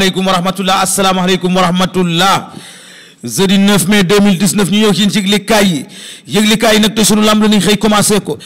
asalaamaaleykum wa rahmatullah asalaamaaleykum wa rahmatullah jeudi 9 mai 2019 ñu ñëw ci yëglikaay yi yëglikaay yi nag tey sunu lamb la ñu xëy commencé ko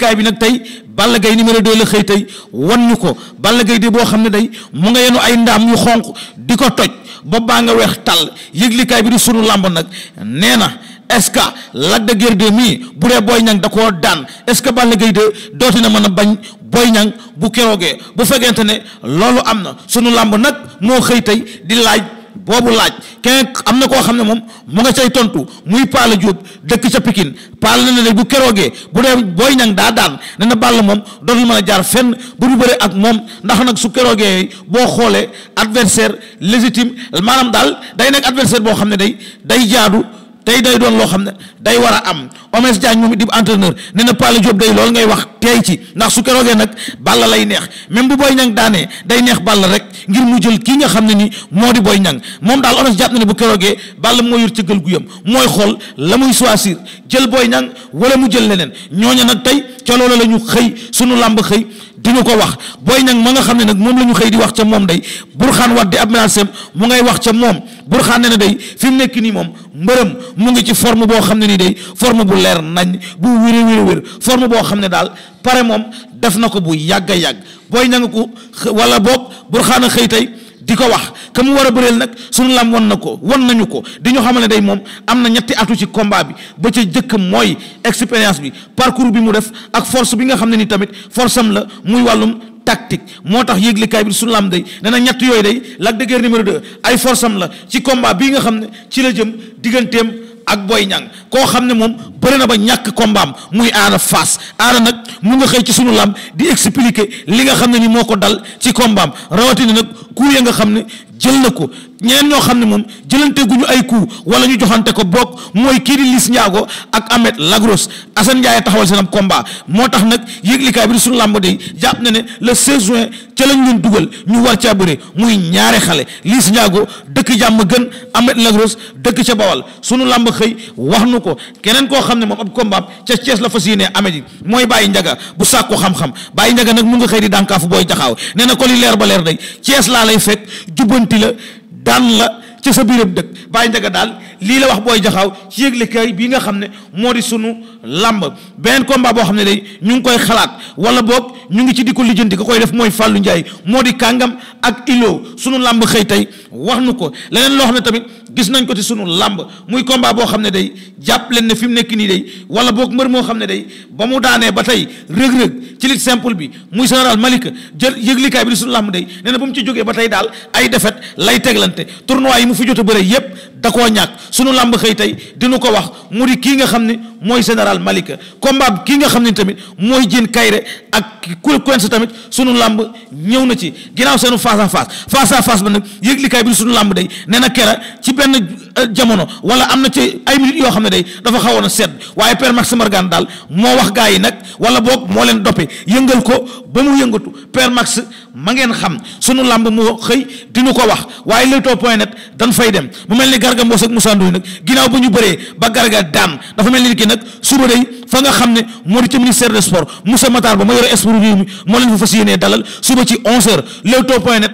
kaay bi nag tey Balla Gaye numéro 2 la xëy tey wan ñu ko Balla gay de boo xam ne day mu nga yenu ay ndaam yu xonq di ko toj bopp baa nga weex tàll yëglikaay bi di sunu lamb nag nee na est-ce que Lac de Guiers 2 mii bu dee booy Niang da ko daan est-ce que Balla Gaye de dootina mën a bañ Boy Niang bu keroogee bu fekkente ne loolu am na sunu làmb nag moo xëy tey di laaj boobu laaj keneen am na koo xam ne moom mu nga cay tontu muy Paala Diop dëkk ca Pikine Paala na ne bu keroogee bu dee Boy Niang daa daan ne na Balla moom dootul mën a jaar fenn bu ñu bëree ak moom ndax nag su keroogee boo xoolee adversaire légitime maanaam daal day nekk adversaire boo xam ne day day jaadu tey day doon loo xam ne day war a am Omes Diagne moom di entraîneur nee na Pala Diop day loolu ngay wax teey ci ndax su keroogee nag Balla lay neex même bu booy Niang daanee day neex Balla rek ngir mu jël kii nga xam ne ni moo di booy Niang moom daal Omes jàpp na ne bu keroogee Balla moo yor cëggal guyam mooy xool la muy choisir jël booy Niang wala mu jël leneen ñooña nag tey ca loola la ñu xëy sunu làmb xëy dinu ko wax booy ñang ma nga xam ne nag moom la ñu xëy di wax ca moom day burxaan wat di ab menacem mu ngay wax ca moom burxaan ne na day fi mu nekk nii moom mbërëm mu ngi ci forme boo xam ne nii day forme bu leer nañ bu wéri wéri wér forme boo xam ne daal pare moom def na ko bu yàgg a yàgg booy ñang ko wala boog burxaan a xëy tey di ko wax ka mu war a bëreel nag suñu lam won na ko won nañu ko di ñu xamal ne day moom am na ñetti atu ci combat bi ba ca jëkk mooy expérience bi parcours bi mu def ak force bi nga xam ne ni tamit force am la muy wàllum tactique moo tax yëglikaay bi suñu lam day nee na ñett yooyu day Lac de Guiers numéro 2 ay force am la ci combat bii nga xam ne ci la jëm digganteem ak Boy Niang koo xam ne moom bëri na ba ñàkk kombaam muy aada faas aada nag mu nga xëy ci sunu lam di expliquer li nga xam ne ni moo ko dal ci kombaam rawatina nag ku ya nga xam ne jël na ko ñeneen ñoo xam ne moom jëlante guñu ay coup wala ñu joxante ko boog mooy kii di Liss Ndiago ak Ahmed Lagros Assane Ndiaye taxawal seen am combat moo tax nag yëglikaay bi di suñu làmb day jàpp na ne le 16 juin ca lañ leen dugal ñu war caa bëre muy ñaari xale Liss Ndiago dëkk jàmm gën Ahmed Lagros dëkk Bawal sunu làmb xëy wax nu ko keneen koo xam ne moom ab combat ca Thiès la fas yéenee amee ji mooy Baye Ndiaga bu sàkku xam-xam Baye Ndiaga nag mu nga xëy di dànkaafu booy jaxaw nee na ko li leer ba leer day Thiès laa lay fekk jubbante yëkkati la la ci sa biiram dëkk bàyyi njaga daal lii la wax booy jaxaaw ci yëglekaay bi nga xam ne moo di sunu làmb beneen combat boo xam ne day ñu ngi koy xalaat wala boog ñu ngi ci di ko lijjanti ka koy def mooy Fallou Ndiaye moo di kàngam ak ilo sunu làmb xëy tey wax nu ko leneen loo xam ne tamit gis nañ ko ci sunu làmb muy combat boo xam ne day jàpp leen ne fi mu nekk nii day wala boog mbër moo xam ne day ba mu daanee ba tey rëg-rëg ci lit simple bi muy général Malick jël yëglikaay bi di làmb day nee na mu ci jógee ba tey daal ay defet lay teglante tournoi yi mu fi jot a bëre yépp da koo ñàkk sunu làmb xëy tey dina ko wax mu di kii nga xam ne mooy général Malika combat kii nga xam ne tamit mooy Diène Kaïré ak Quench tamit sunu làmb ñëw na ci ginnaaw seenu face à face face à face ba nag yëglikaay bi sunu làmb day nee na kera ci benn Euh, jamono wala am na ci ay minutes yoo xam ne day dafa xawoon a sedd waaye père Max Mbargane daal moo wax gaa yi nag wala boog moo leen doppe yëngal ko ba mu yëngatu père Max ma ngeen xam sunu làmb moo xëy dinu ko wax waaye Leewtoo point net dan fay dem mu mel ni Garga Mbossé ak Moussa Ndoye nag ginnaaw ba ñu bëree ba Garga daan dafa mel ni ki nag suba day fa nga xam ne moo di ci ministère des sports Moussa Matar ba ma yore sport réew mi moo leen fa fas dalal suba ci 11h Leewtoo point net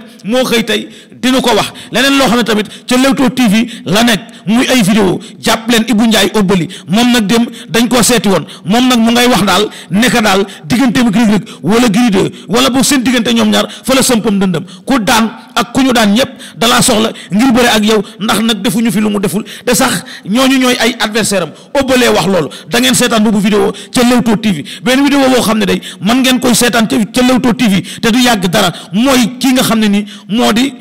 tey dina ko wax leneen loo xam ne tamit ca Leewtoo TV la nekk muy ay vidéo jàpp leen Ibou Ndiaye Obali moom nag dem dañ koo seeti woon moom nag mu ngay wax daal nekk daal digganteem Reug Reug wala Gris 2 wala boog seen diggante ñoom ñaar fa la sëmpam dëndëm ku daan ak ku ñu daan ñëpp dalaa soxla ngir bëre ak yow ndax nag defuñu fi lu mu deful te sax ñooñu ñooy ay adversaire am ëbbalee wax loolu da ngeen seetaan boobu vidéo ca Leewtoo TV benn vidéo boo xam ne day man ngeen koy seetaan ca Leewtoo TV te du yàgg dara mooy kii nga xam ne nii moo di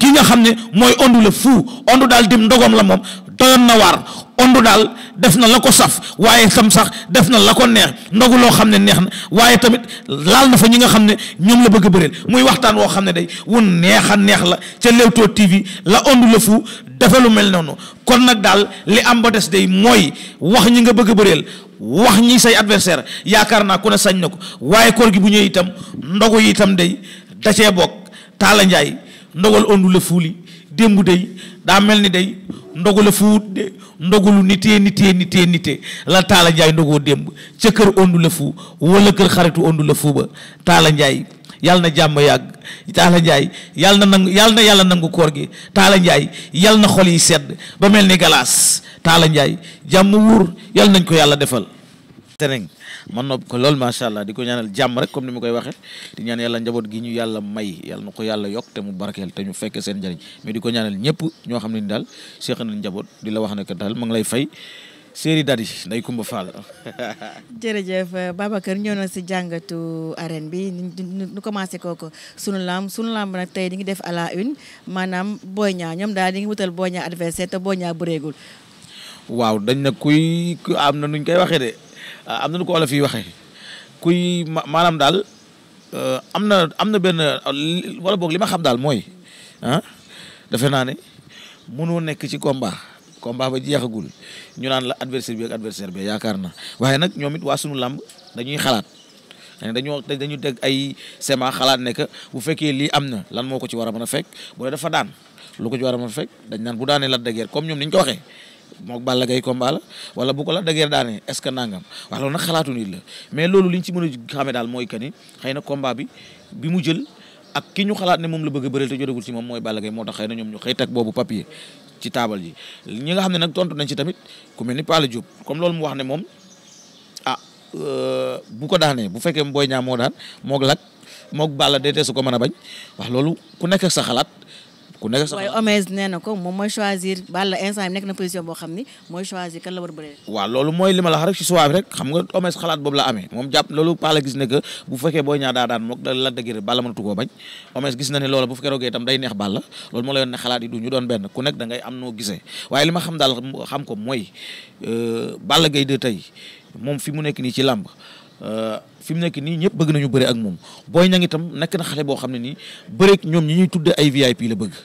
kii nga xam ne mooy ondu la fuu ondu daal dim ndogom la moom doyoon na waar ondu daal def na la ko saf waaye tam sax def na la ko neex ndogu loo xam ne neex na waaye tamit laal na fa ñi nga xam ne ñoom la bëgg a bëreel muy waxtaan woo xam ne day wu neex a neex la ca Leewtoo TV la ondu la fu defe lu mel noonu kon nag daal li am ba des day mooy wax ñi nga bëgg a bëreel wax ñi say adversaire yaakaar naa ku ne sañ na ko waaye koor gi bu ñëwee itam ndogu yi itam day da cee bokk Talla Ndiaye ndogal ondu la fuuli démb day daa mel ni day ndogu la fuut de ndogulu nitee nitee nitee nitee la Taala Njaay ndogoo démb ca kër ondu la fu wala kër xaritu ondu la fu ba Taala Njaay yàlla na jàmm yàgg Taala Njaay yàlla na nangu yàlla na yàlla nangu koor gi Taala Njaay yàlla na xol yi sedd ba mel ni galaas Taala Njaay jàmm wuur yàlla nañ ko yàlla defal tereng man nopp ko lool macha allah di ko ñaanal jàmm rek comme ni mu koy waxee di ñaan yàlla njaboot gi ñu yàlla may yàlla na ko yàlla yokk te mu barkeel te ñu fekkee seen njëriñ mais di ko ñaanal ñëpp ñoo xam ne ni daal seex na njaboot di la wax ne que daal ma ngi lay fay séeri dadi nday Kumba Fall. jërëjëf Babacar ñëw na si jàngatu arène bi ñu commencé kooku sunu lamb sunu lamb nag tey di ngi def à la une maanaam Boy Niang ñoom daal di ngi wutal Boy Niang adversaire te Boy Niang bëreegul waaw dañ na kuy am na nuñ koy waxee de ah, am na nu ko olof yi waxee kuy maanaam daal euh, am na am na benn wala boog li ma xam daal mooy ah defe naa ne mënoo nekk ci komba combat ba jeexagul ñu naan la adversaire bi ak adversaire yaakaar na waaye nag ñoomit waa sunu làmb dañuy xalaat dañoo dañu teg ay sema xalaat ne bu fekkee lii am na lan moo ko ci war a mën a fekk dafa daan lu ko ci war a mën dañ naan bu daanee Lac de comme ñoom ni ñu ko waxee. mook Balla Gaye combat la wala bu ko la dëgër daane est ce que nangam wax loolu nag xalaatu nit la mais loolu liñ ci mën a xamee daal mooy que ni na combat bi bi mu jël ak ki ñu xalaat ne moom la bëgg a bëreel te jotagul ci moom mooy Balla Gaye moo taabal ji ñi nga xam ne nag tontu nañ ci tamit ku mel ni Palla Diop comme loolu mu wax ne moom ah euh, bu ko daanee bu fekkee Boy Niang moo daan moog lag moog Balla dee su ko mën a bañ wax loolu ku nekk sa xalaat ku nekk sax waaye Omez nee ko moom mooy choisir Balla instant yi nekk na position boo xam ni mooy choisir kan la war a bëree waaw loolu mooy li ma la wax rek si suwaa rek xam nga Omez xalaat boobu la amee moom jàpp loolu Palla gis ne que bu fekkee booy ñaar daa daan mook da la dëgg Balla mënatu koo bañ Omez gis na ne loolu bu fekkee rogee itam day neex Balla loolu moo la yoon ne xalaat yi du doon benn ku nekk da am noo gisee waaye li xam mooy euh, Balla Gaye tey moom fi mu nekk nii ci làmb Euh, fi mu nekk nii ñëpp bëgg nañu bëri ak moom booy ñang itam nekk na xale boo xam ne nii bëri ñoom ñu ñuy tudde ay VIP la bëgg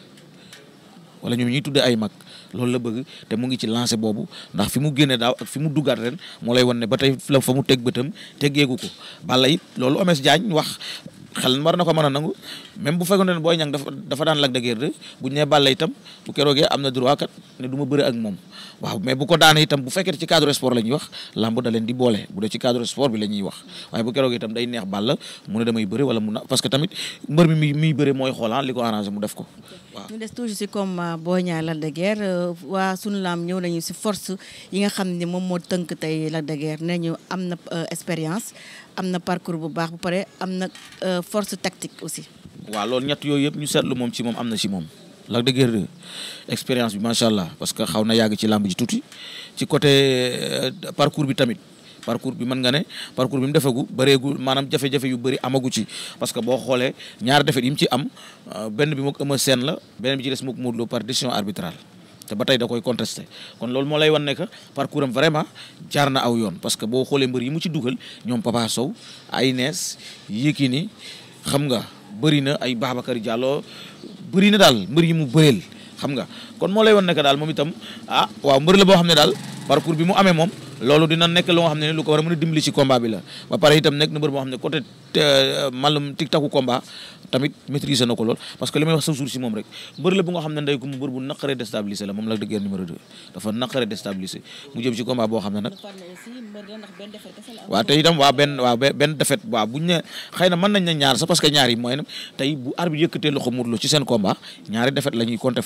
wala ñoom ñuy tudde ay mag loolu la bëgg te mu ngi ci lancé boobu ndax fi mu génne daaw ak fi mu duggaat ren moo lay wan ne ba tey la fa mu teg bëtam teggeeku ko Balla it loolu Omes Diagne wax xel war na ko mën a nangu même bu fekkoon ne booy ñang dafa dafa daan lag de guerre bu ñu nee Balla itam bu keroogee am na droit ne duma ma bëri ak moom waaw mais bu ko daanee itam bu fekkee ci cadre sport la wax lamb da di boole bu dee ci cadre sport bi la wax waaye bu keroog itam day neex Balla mu ne damay bëre wala mu na parce que tamit mbër mi mi miy bëre mooy xool ah, li ko arrangé mu def ko waaw. ñu des toujours si combat ah, Boy Niang Lac de Guiers euh, waa sunu lamb ñëw nañu si force yi nga xam ne moom moo tënk tey Lac de nee ñu am na euh, expérience am na parcours bu baax bu pare am na euh, force tactique aussi. waaw loolu yëpp ñu seetlu moom ci moom am na ci moom. Lac de Guiers expérience bi macha allah parce que xaw na yàgg ci làmb ji tuuti ci côté euh, parcours bi tamit parcours bi mën nga ne parcours bi mu defagu bëreegu maanaam jafe-jafe yu bëri amagu ci parce que boo xoolee ñaar defet yi mu ci am euh, benn bi mook Eumeu Sène la beneen bi ci des mook Modou Lô par décision arbitrale te ba tey da koy contesté kon loolu moo lay wan ne que parcours am vraiment na aw yoon parce que boo xoolee mbër yi mu ci dugal ñoom Papa Sow ay nees Yékini xam nga bëri na ay Babacar Diallo bëri na daal mbër yi mu bëreel xam nga kon moo lay won ne daal moom itam ah waaw mbër la boo xam ne daal parcours bi mu amee moom loolu dina nekk lu nga xam ne lu ko war a mën a dimbali ci combat bi la ba pare itam nekk na mbër moo euh, que li may wax moom rek mbër la bu nga xam ne ndey mu mbër bu naqaree déstabiliser la moom la dëggeer numéro 2 mu jëm ci combat boo xam ne nag waaw te itam waaw benn waaw benn défaite waaw buñ ne xëy ñaari défaite la ñuy compter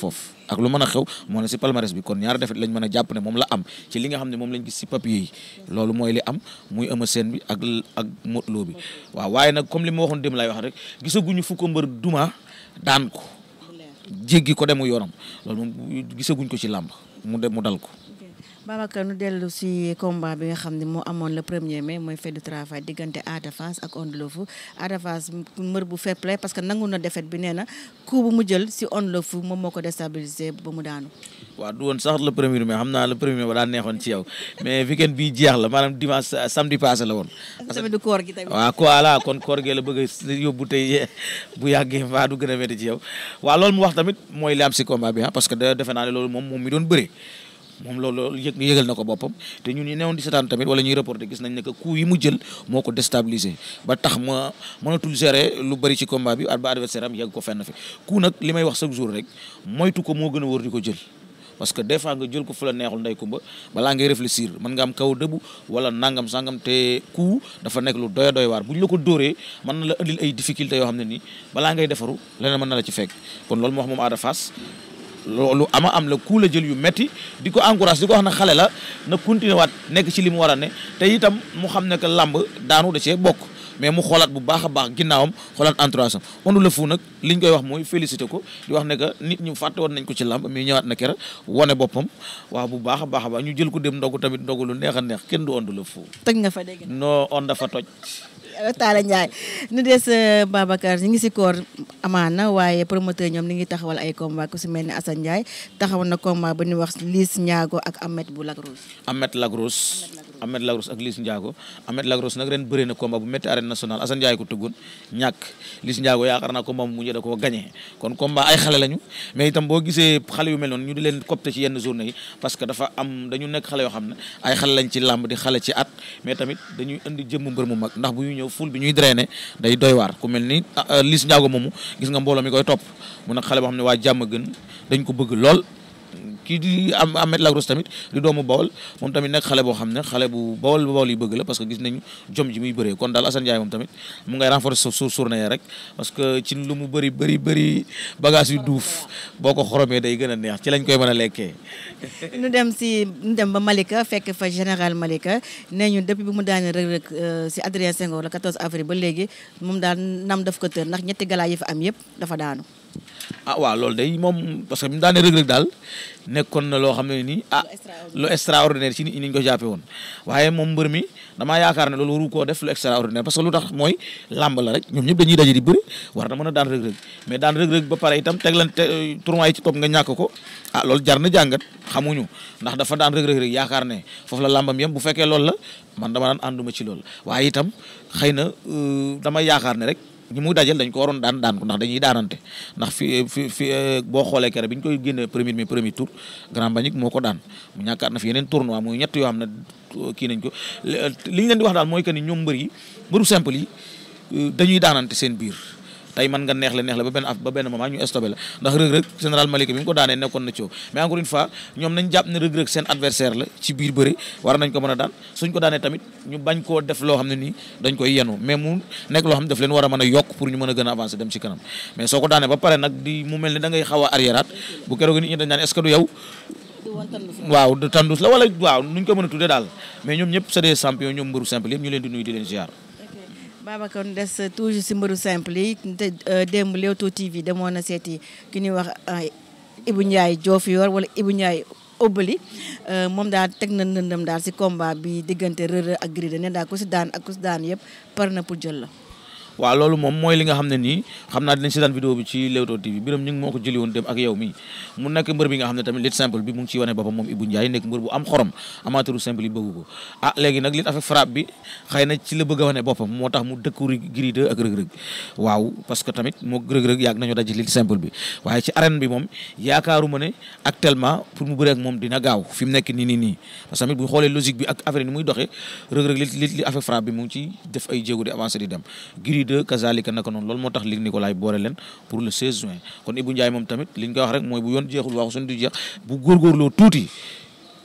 ak lu mën a xew moo ne ci palmarès bi kon ñaari défaite lañ mën a jàpp ne moom la am ci li nga xam ne moom lañ gis ci copier loolu mooy li am muy Eumeu Sène bi ak ak Modou bi waaw waaye nag comme li ma waxoon dem lay wax rek gisaguñu fu ko mbër duma daan ko jéggi ko demu yoonam loolu moom gisaguñ ko ci làmb mu dem mu dal ko Babacar nu dellu si combat bi nga xam ne moo amoon le premier mais mooy fait du travail diggante Ada Fass ak Onde Lofou Ada Fass mbër bu fep play parce que nangu na défaite bi nee na coup bu mu jël si Onde Lofou moom moo ko déstabilisé ba mu daanu. waaw du woon sax le premier mai xam naa le premier ba daa neexoon ci yow mais weekend bii jeex la maanaam dimanche euh, samedi passé la woon. parce que du koor gi kon koor gee la bëgg a bu yàggee mbaa du gën a métti ci yow wax tamit mooy li si combat bi ah parce que defe naa loolu moom moom mi bëri. moom loolu yëg yëgal na ko boppam te ñun ñu ne di seetaan tamit wala ñuy reporté gis nañ ne que coup yi mu jël moo ko déstabilisé ba tax ma mënatul gérer lu bari ci combat bi at ba adversaire am yegg ko fenn fi coup nag li may wax chaque jour rek moytu ko moo gën a wóor di ko jël parce que des fois nga jël ko fu la neexul ndey kumba balaa ngay réfléchir mën nga am kaw dëbu wala nangam sangam te coup dafa nekk lu doy waar bu ñu la ko dooree mën na la indil ay difficultés yoo xam ne nii balaa ngay defaru leneen mën na la ci fekk kon loolu moo wax moom Ada Fass loolu ama am la ku la jël yu metti di ko encourage di ko wax na xale la na continuer nekk ci li mu war a ne te itam mu xam ne que làmb daanu da cee bokk mais mu xoolaat bu baax a baax ginnaawam xoolaat entourage am Onde Le Fou nag li ñu koy wax mooy félicité ko di wax ne que nit ñu fàtte woon nañ ko ci làmb mais ñëwaat na kera wane boppam waaw bu baax a baax a baax ñu jël ko dem ndogu tamit ndogu lu neex a neex kenn du Onde Le Fou. toj nga fa dégg non on dafa toj. Talla Ndiaye nu des euh, Babacar ñu ngi si koor amaana waaye promoteur ñoom ni ngi taxawal ay combat ku si mel ni Assane Ndiaye taxawal na combat bu ñuy wax Liss Ndiago ak Ahmed bu Lagros. Ahmed Lagros Ahmed na combat bu métti arène nationale Assane ko tëggoon ñàkk Liss Ndiago yaakaar naa mu mujj da koo gagné kon combat ay xale lañu mais itam boo gisee xale yu mel noonu ñu di leen copte ci yenn journée yi parce que dafa am dañu nekk xale yoo xam ne ay xale lañ ñëw ful bi ñuy drainer day doy waar ku mel ni ah, Liss Ndiago moomu gis nga mbooloo mi koy topp mu nag xale boo xam ne waa jàmm gën dañ ko bëgg lool kii di am Ahmed Lagros tamit di doomu Bawol moom tamit nekk xale boo xam ne xale bu Bawol Bawol yi bëgg la parce que gis nañu jom ji muy bëree kon daal Assane Ndiaye moom tamit mu ngay renforcer su journée rek parce que ci lu mu bëri bëri bëri bagage yu duuf boo ko xoromee day gën a neex ci lañ koy mën a lekkee ñu dem si ñu dem ba Malika fekk fa général Malika nee ñu depuis bi mu daane rek rek euh, si Adrien Senghor le 14 avril ba léegi moom daal nam daf ko tër ndax ñetti galaa yi fa am yëpp ah waaw loolu day moom parce que mu daane rëg-rëg daal nekkoon na loo xam ne nii ah lu extraordinaire ci ni ñu ko jàppe woon waaye moom mbër mi damaa yaakaar ne loolu waru koo def lu extraordinaire parce que lu tax mooy làmb la rek ñoom ñëpp dañuy daje di bëri war na mën a daan rëg-rëg mais daan rëg-rëg ba pare itam teglante euh, tournoi yi ci topp nga ko ah, loolu jar na jàngat xamuñu ndax dafa daan rëg rek yaakaar ne foofu la làmbam yem bu fekkee loolu la man dama daan ànduma ci loolu waaye itam xëy na euh, dama yaakaar ne rek ñi mu dajal dañ ko waroon daan daan ndax dañuy daanante ndax fi fi fi eh, boo xoolee kere bi ñu koy génne premier mi premier tour Grand Mbagnick moo ko daan mu ñàkkaat na fi yeneen tournoi muy ñett yoo xam ne euh, kii nañ ko euh, li ñu leen di wax daal mooy que ni ñoom mbër yi mbëru simple yi euh, dañuy daanante seen biir tey man nga neex le neex le ba benn af ba benn moment ñu stoppé la ndax rëg-rëg général Malika bi mu ko daanee nekkoon na coow mais encore fois ñoom nañ jàpp ne rëg-rëg seen adversaire la ci biir bëri war nañ ko mën a daan suñ ko daanee tamit ñu bañ koo def loo xam ne nii dañ koy yenu mais mu nekk loo xam leen war a mën a yokk pour ñu mën a gën dem ci kanam mais soo ko daanee ba pare nag di mu mel ni da ngay xaw a arriéraat bu keroog nit ñi dañ naan est du yow waaw tandus la wala waaw nuñ ko mën a tuddee daal mais ñoom leen di nuyu di leen Babacar ñu des toujours si mbiru simple yi te euh, démb Leewtoo TV demoon na seeti ki ñuy wax euh, Ibou Ndiaye Diofior wala Ibou Ndiaye Obali euh, moom daal teg na ndëndam daal si combat bi diggante Reug Reug ak Gris ne daal ku si daan ak ku si daan yëpp par na pour jël la. waaw loolu moom mooy li nga xam ne nii xam naa dinañ seetaan vidéo bi ci Leewtoo TV biram ñu ngi moo ko woon dem ak yow mi mu nekk mbër bi nga xam ne tamit lit simple bi am xorom amateuru simple yi bëgg ko ah léegi nag lit avec frappe bi na ci la bëgg wane boppam moo tax mu dëkkuri Gris 2 ak rëg-rëg waaw parce que tamit moo rëg-rëg yàgg nañu daj lit simple bi waaye ci arène bi moom yaakaaru ma ne actuellement pour mu bëre ak moom dina gaaw fi mu nekk nii nii nii parce que tamit bu xoolee logique bi ak affaire ni muy doxee rëg-rëg li li avec bi mu ngi ci def ay jéego di avancer di dem Gris de 2 kazalika naka noonu loolu moo tax Luc Nicolaï boole leen pour le 16 juin kon Ibou Ndiaye moom tamit li koy wax rek mooy bu yoon jeexul waxu suñu du jeex bu góorgóorloo tuuti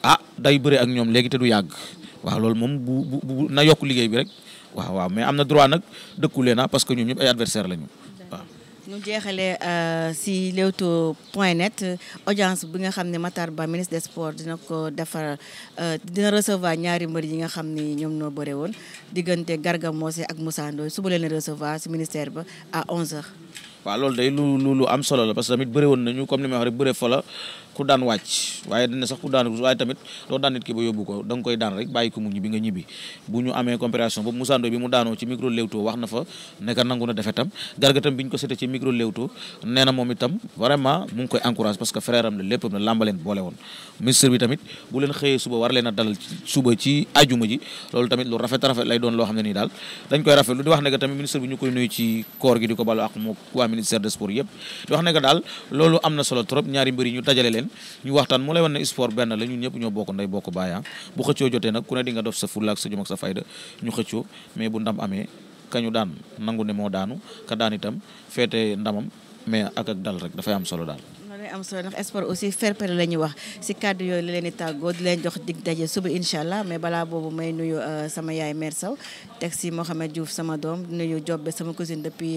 ah day bëre ak ñoom léegi te du yàgg waaw loolu moom bu bu na yokk liggéey bi rek waaw waaw mais am na droit nag dëkkulee naa parce que ñoom ñëpp ay adversaire lañu ñu jeexalee euh, si Leewtoo point net audience bi nga xam ne Matar Ba ministre des sports dina ko defar euh, dina recevoir ñaari mbër yi nga xam ni ñoom ñoo bëre woon diggante Garga Mbossé ak Moussa Ndoye suba leen recevoir si ministère ba à 11h. waaw loolu day lu lu lu am solo la parce que tamit bëre woon nañu comme ni ma wax rek bëre ku daan wàcc waaye dana sax ku daan waaye tamit doo daan nit ki ba yóbbu ko da koy daan rek bàyyi ko mu ñibbi nga ñibbi bu ñu amee comparaison boobu Moussa bi mu daanoo ci micro Leewtoo wax na fa nekka nangu na defe tam bi ñu koy encourage ci ajuma gi di ko balu ak moo waa ministère des sports yëpp di wax ne daal loolu am na solo trop ñaari mbir ñu dajale ñu waxtaan mu lay wan ne sport benn la ñun ñëpp ñoo bokk nday bokk bàyya ah. bu xëccoo jotee nag ku ne di nga def sa fulla ak sa jom ak sa fayda ñu xëccoo mais bu ndam amee kañu daan nangu ne moo daanu ka daan itam feete ndamam mais ak ak dal rek dafay am solo daal am solo ndax sport aussi fair play la ñuy wax si kàddu yooyu la leen di tàggoo di leen jox dig daje suba incha allah mais balaa boobu may nuyu euh, sama yaay mère Sow teg si Mohamed Diouf sama doom di nuyu Jobbe sama cousine depuis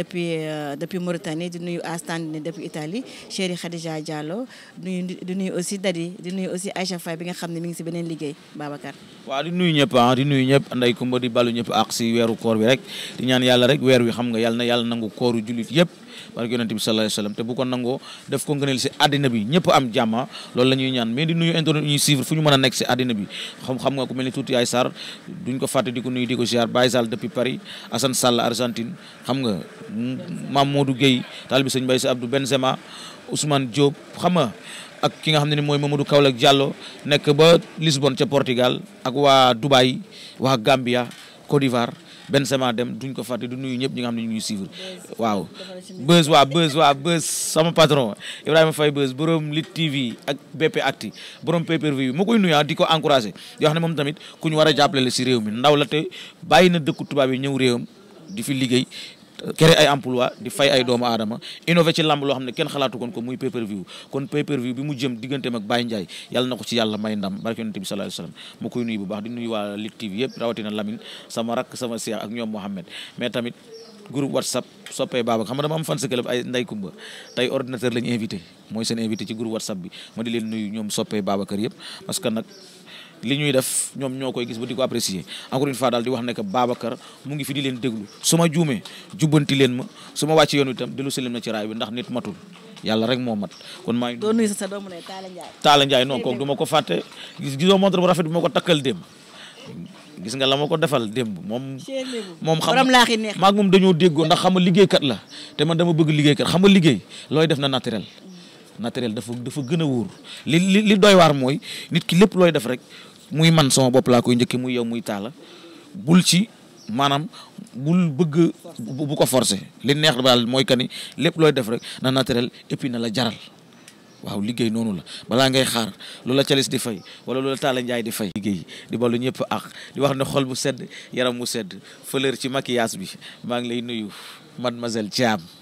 depuis euh, depuis Mauritanie di nuyu Astandine depuis Italie chérie Khadija Diallo di nuyu di nuyu aussi Dadi di nuyu aussi Aïcha Faye bi nga xam ne mu ngi si beneen liggéey Babacar. waaw di nuyu ñëpp ah, di nuyu ñëpp nday Kumba di balu ñëpp ak si weeru koor bi rek di ñaan yàlla rek weer wi xam nga yàlla na yàlla nangu kooru jullit yëpp. barke yonent bi sallallahu alayhi wasallam te bu ko nangoo def ko ngëneel si àddina bi ñëpp am jàmma loolu la ñuy ñaan mais di nuyu internet ñuy suivre fu ñu mën a nekk si àddina bi xam xam nga ku mel ni tuuti ay Sarr duñ ko di ko nuyu di ko ziar Baye Sall depuis Paris Assane Sall Argentine xam nga Mame Modou Gueye taalibi sëñ Mbaye si Abdou Benzema Ousmane Diop xam nga ak ki nga xam ne ni mooy Mamadou Kaolack jàlloo nekk ba Lisbonne ca Portugal ak waa Dubaï waa Gambia Côte d'Ivoire Benzema dem duñ ko fàtte du nuyu ñëpp ñi nga xam ne ñu ngi suivre waaw buzz waa buzz waa buzz sama patron Ibrahima Faye buzz borom Lit TV ak BP Acti borom pay-per-view bi ma koy nuyu ah, di ko encouragé yoo xam ne moom tamit ku ñu war a jàppale la si réew mi ndaw la te bàyyi na dëkku tubaab yi ñëw réewam di fi liggéey créer ay emploi di fay ay doomu aadama innové ci lamb loo xam ne kenn xalaatu kon ko muy pay per view kon pay per view bi mu jëm digganteem ak Baye Ndiaye yàlla na ko ci yàlla may ndam barke yonent bi sallallahu alayhi wasallam mu koy nuyu bu baax di nuyu waa Lutte TV yëpp rawatina Lamine sama rakk sama seex ak ñoom Mohamed mais tamit groupe whatsapp soppee baaba xam nga dama am fan si club ay nday kumba tey ordinateur lañu invité mooy seen invité ci groupe whatsapp bi ma di leen nuyu ñoom soppee Babacar yëpp parce nag li ñuy def ñoom ñoo koy gis ba di ko apprécier encore une fois daal di wax ne baaba Babacar mu ngi fi di leen déglu su ma jubbanti leen ma su ma wàcc yoon itam dellu si leen na ci raay bi ndax nit matul yàlla rek moo mat kon maa ngi. doo nuyu sa doomu ne Talla Ndiaye. Talla Ndiaye non ma ko fàtte gis gisoo montre bu rafet bi ma ko takkal démb gis nga la ma ko defal démb moom. moom xam maag moom dañoo déggoo ndax xam nga liggéeykat la te ma dama bëgg liggéeykat xam nga liggéey looy def na naturel. Mm. naturel dafa dafa gën a wóor li li li doy waar mooy nit ki lépp looy def rek muy man sama bopp laa koy njëkkee muy yow muy taala bul ci maanaam bul bëgg bu ko forcer li neex daal mooy que ni lépp looy def rek na naturel et na la jaral waaw liggéey noonu la balaa ngay xaar loola calis di fay wala loola taala njaay di fay liggéey di balu ñëpp ak di wax ne xol bu sedd yaram mu sedd fleur ci maquillage bi maa ngi lay nuyu mademoiselle Thiam